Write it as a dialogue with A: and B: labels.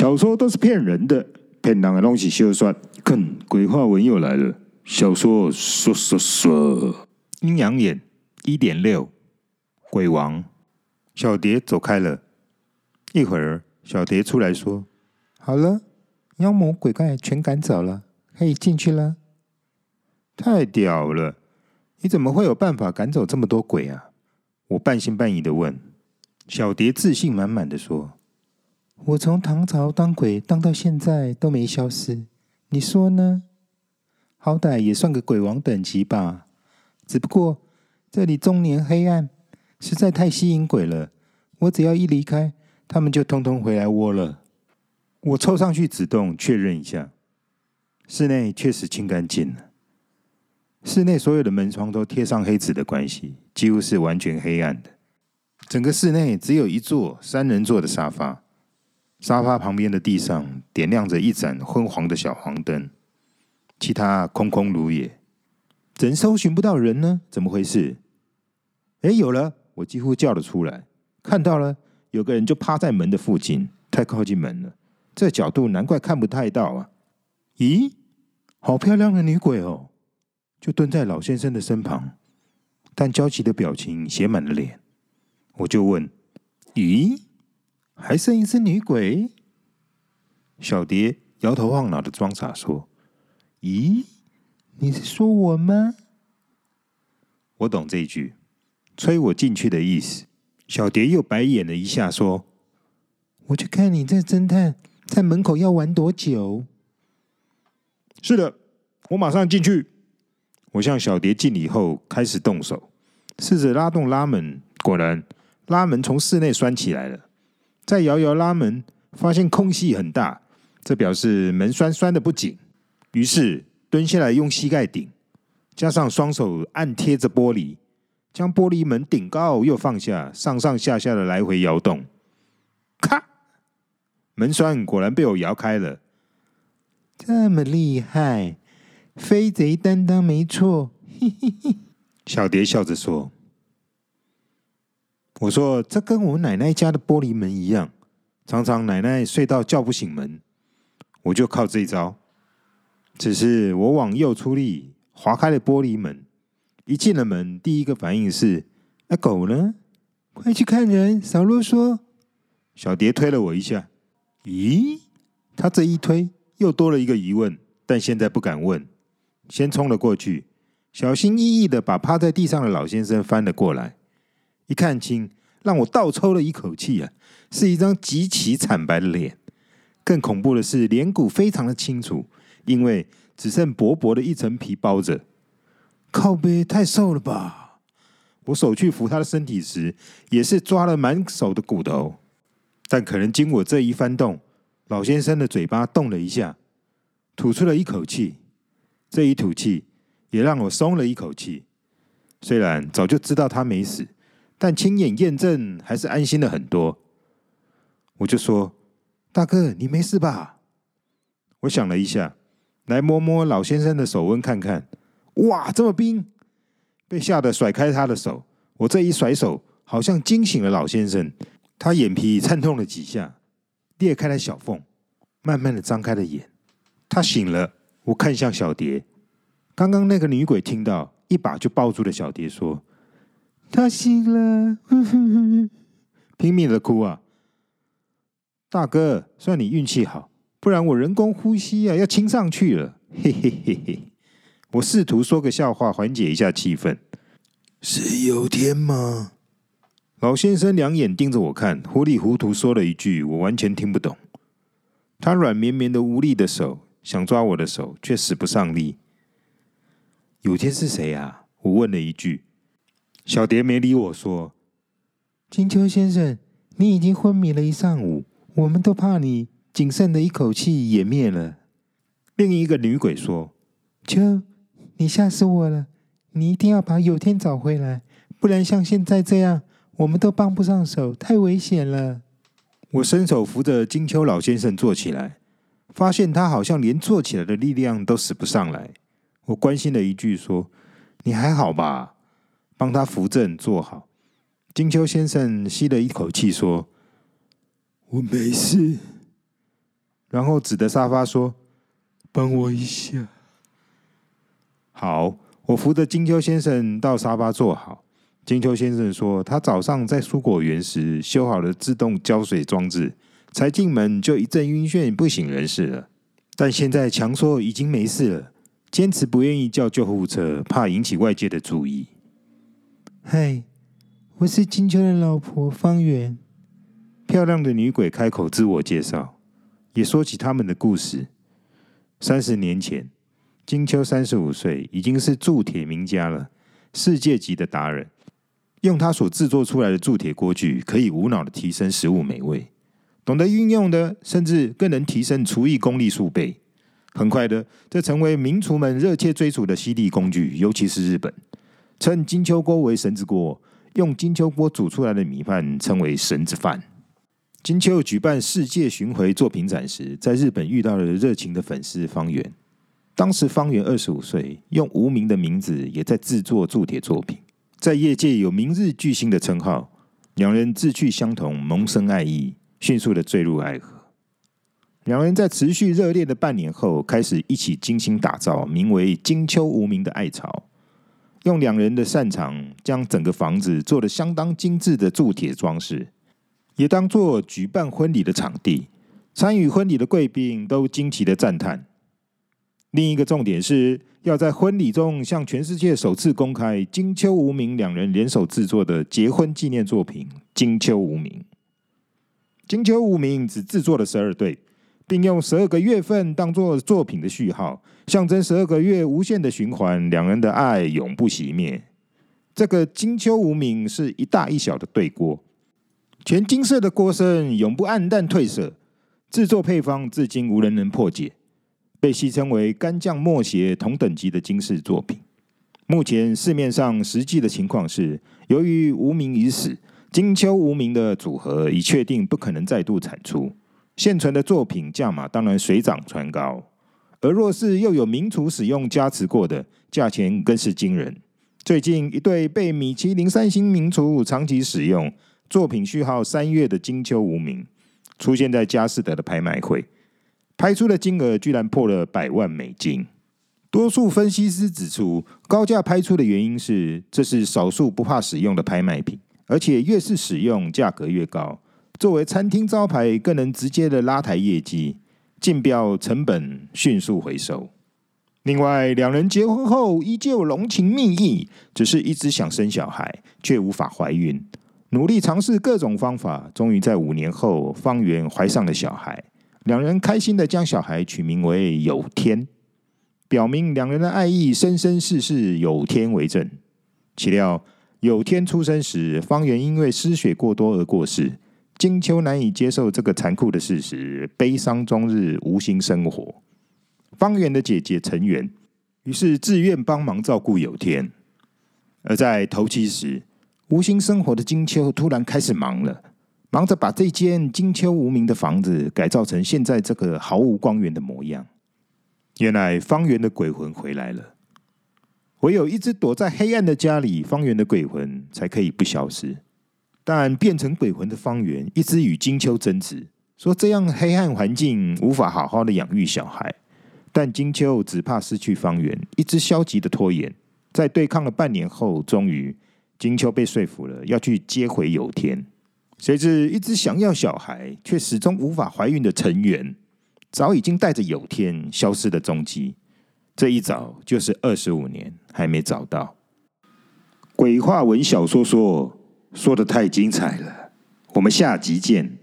A: 小說都是騙人的，騙人的東西休算看鬼話文又來了。小說說說說，陰陽眼一點六，鬼王，小蝶走開了。一會兒，小蝶出來說：“
B: 好了，妖魔鬼怪全趕走了，可以進去了。”太
A: 屌了！你怎麼會有辦法趕走這麼多鬼啊？我半信半疑地問。小蝶自信滿滿地說。
B: 我從唐朝當鬼當到現在都沒消失，你說呢？好歹也算個鬼王等級吧。只不過這裡終年黑暗，實在太吸引鬼了。我只要一離開，他們就通通回來窩了。
A: 我湊上去指動確認一下，室內確實清乾淨了。
B: 室內
A: 所有的門窗都貼上黑紙的關係，幾乎是完全黑暗的。整個室內只有一座三人座的沙發。沙發旁邊的地上點亮着一盞昏黃的小黃燈，其他空空如也，怎搜尋不到人呢？怎麼回事？哎，有了！我幾乎叫了出來，看到了，有個人就趴在門的附近，太靠近門了，這角度難怪看不太到啊。咦，好漂亮的女鬼哦，就蹲在老先生的身旁，但焦急的表情寫滿了臉。我就問：咦？還剩一隻女鬼，小蝶搖頭晃腦的裝傻說：“
B: 咦，你是說我嗎？”
A: 我懂這句，催我進去的意思。小蝶又白眼了一下，說：“
B: 我去看你這偵探在門口要玩多久。”是的，我馬上進去。
A: 我向小蝶敬禮後，開始動手，試着拉動拉門，果然拉門從室內拴起來了。再搖搖拉門，發現空隙很大，這表示門栓栓的不緊。於是蹲下來用膝蓋頂，加上雙手按貼着玻璃，將玻璃門頂高又放下，上上下下的來回搖動。咔！門栓果然被我搖開了。
B: 這麼厲害，飛賊擔當沒錯。嘿嘿嘿，
A: 小蝶笑着說。我說：“這跟我奶奶家的玻璃門一樣，常常奶奶睡到叫不醒門，我就靠這一招。只是我往右出力，劃開了玻璃門。一進了門，第一個反應是：那、啊、狗呢？
B: 快去看人！”少囉
A: 嗦：“小蝶推了我一下，咦？他這一推，又多了一個疑問，但現在不敢問，先衝了過去，小心翼翼的把趴在地上的老先生翻了過來。”一看清，讓我倒抽了一口氣啊！是一張極其慘白的臉。更恐怖的是，臉骨非常的清楚，因為只剩薄薄的一層皮包着。靠北，太瘦了吧！我手去扶他的身體時，也是抓了滿手的骨頭。但可能經過我這一翻動，老先生的嘴巴動了一下，吐出了一口氣。這一吐氣，也讓我鬆了一口氣。雖然早就知道他沒死。但親眼驗證還是安心了很多，我就說：“大哥，你沒事吧？”我想了一下，來摸摸老先生的手溫看看。哇，這麼冰！被嚇得甩開他的手。我這一甩手，好像驚醒了老先生，他眼皮顫動了幾下，裂開了小縫，慢慢的張開了眼。他醒了。我看向小蝶，剛剛那個女鬼聽到，一把就抱住了小蝶，說。
B: 他醒了，哼哼哼
A: 拼命的哭啊！大哥，算你運氣好，不然我人工呼吸呀、啊，要親上去了，嘿嘿嘿嘿！我試圖說個笑話緩解一下氣氛。是有天嗎？老先生兩眼盯着我看，糊裡糊塗說了一句，我完全聽不懂。他軟綿綿的無力的手，想抓我的手，卻使不上力。有天是誰啊？我問了一句。小蝶沒理我說：“
B: 金秋先生，你已經昏迷了一上午，我們都怕你僅剩的一口氣也滅
A: 了。”另一個女鬼說：“
B: 秋，你嚇死我了！你一定要把有天找回來，不然像現在這樣，我們都幫不上手，太危險了。”
A: 我伸手扶着金秋老先生坐起來，發現他好像連坐起來的力量都使不上來。我關心了一句說：“你還好吧？”幫他扶正坐好，金秋先生吸了一口氣說：“我沒事。”然後指着沙發說：“幫我一下。”好，我扶着金秋先生到沙發坐好。金秋先生說：“他早上在蔬果園時修好了自動澆水裝置，才進門就一陣暈眩，不省人事了。但現在強說已經沒事了，堅持不願意叫救護車，怕引起外界的注意。”
B: 嗨，我是金秋的老婆方圓。
A: 漂亮的女鬼開口自我介紹，也說起他們的故事。三十年前，金秋三十五歲，已經是鑄鐵名家了，世界級的達人。用他所制作出來的鑄鐵鍋具，可以無腦的提升食物美味。懂得運用的，甚至更能提升廚藝功力數倍。很快的，這成為名廚們熱切追逐的犀利工具，尤其是日本。稱金秋鍋為神之鍋，用金秋鍋煮出來的米飯稱為神之飯。金秋舉辦世界巡回作品展時，在日本遇到了熱情的粉絲方源。當時方源二十五歲，用無名的名字也在制作鑄鐵作品，在業界有明日巨星的稱號。兩人志趣相同，萌生愛意，迅速的墜入愛河。兩人在持續熱烈的半年後，開始一起精心打造名為“金秋無名”的愛巢。用兩人的擅長，將整個房子做的相當精致的鑄鐵裝飾，也當做舉辦婚禮的場地。參與婚禮的貴賓都驚奇的讚嘆。另一個重點是要在婚禮中向全世界首次公開金秋無名兩人聯手製作的結婚紀念作品《金秋無名》。金秋無名只製作了十二對。並用十二個月份當作作品的序號，象徵十二個月無限的循環，兩人的愛永不熄滅。這個金秋無名是一大一小的對鍋，全金色的鍋身永不暗淡褪色，制作配方至今無人能破解，被戲稱為干將莫邪同等級的金飾作品。目前市面上實際的情況是，由於無名已死，金秋無名的組合已確定不可能再度產出。現存的作品價碼當然水漲船高，而若是又有名廚使用加持過的，價錢更是驚人。最近一對被米其林三星名廚長期使用，作品序號三月的金秋無名，出現在佳士得的拍賣會，拍出的金額居然破了百萬美金。多數分析師指出，高價拍出的原因是這是少數不怕使用的拍賣品，而且越是使用，價格越高。作為餐廳招牌，更能直接的拉抬業績，競標成本迅速回收。另外，兩人結婚後依舊濃情蜜意，只是一直想生小孩卻無法懷孕，努力嘗試各種方法，終於在五年後，方圓懷上了小孩。兩人開心的將小孩取名為有天，表明兩人的愛意生生世世有天為證。豈料有天出生時，方圓因為失血過多而過世。金秋難以接受這個殘酷的事實，悲傷終日無心生活。方圓的姐姐成媛於是自願幫忙照顧有天。而在頭七時，無心生活的金秋突然開始忙了，忙着把這間金秋無名的房子改造成現在這個毫無光源的模樣。原來，方圓的鬼魂回來了。唯有一直躲在黑暗的家裡，方圓的鬼魂才可以不消失。但變成鬼魂的方圓一直與金秋爭執，說這樣黑暗環境無法好好的養育小孩。但金秋只怕失去方圓，一直消極的拖延。在對抗了半年後，終於金秋被說服了，要去接回有天。誰知一直想要小孩卻始終無法懷孕的成員，早已經帶着有天消失的蹤跡。這一找就是二十五年，還沒找到。鬼話文小說說。說的太精彩了，我們下集見。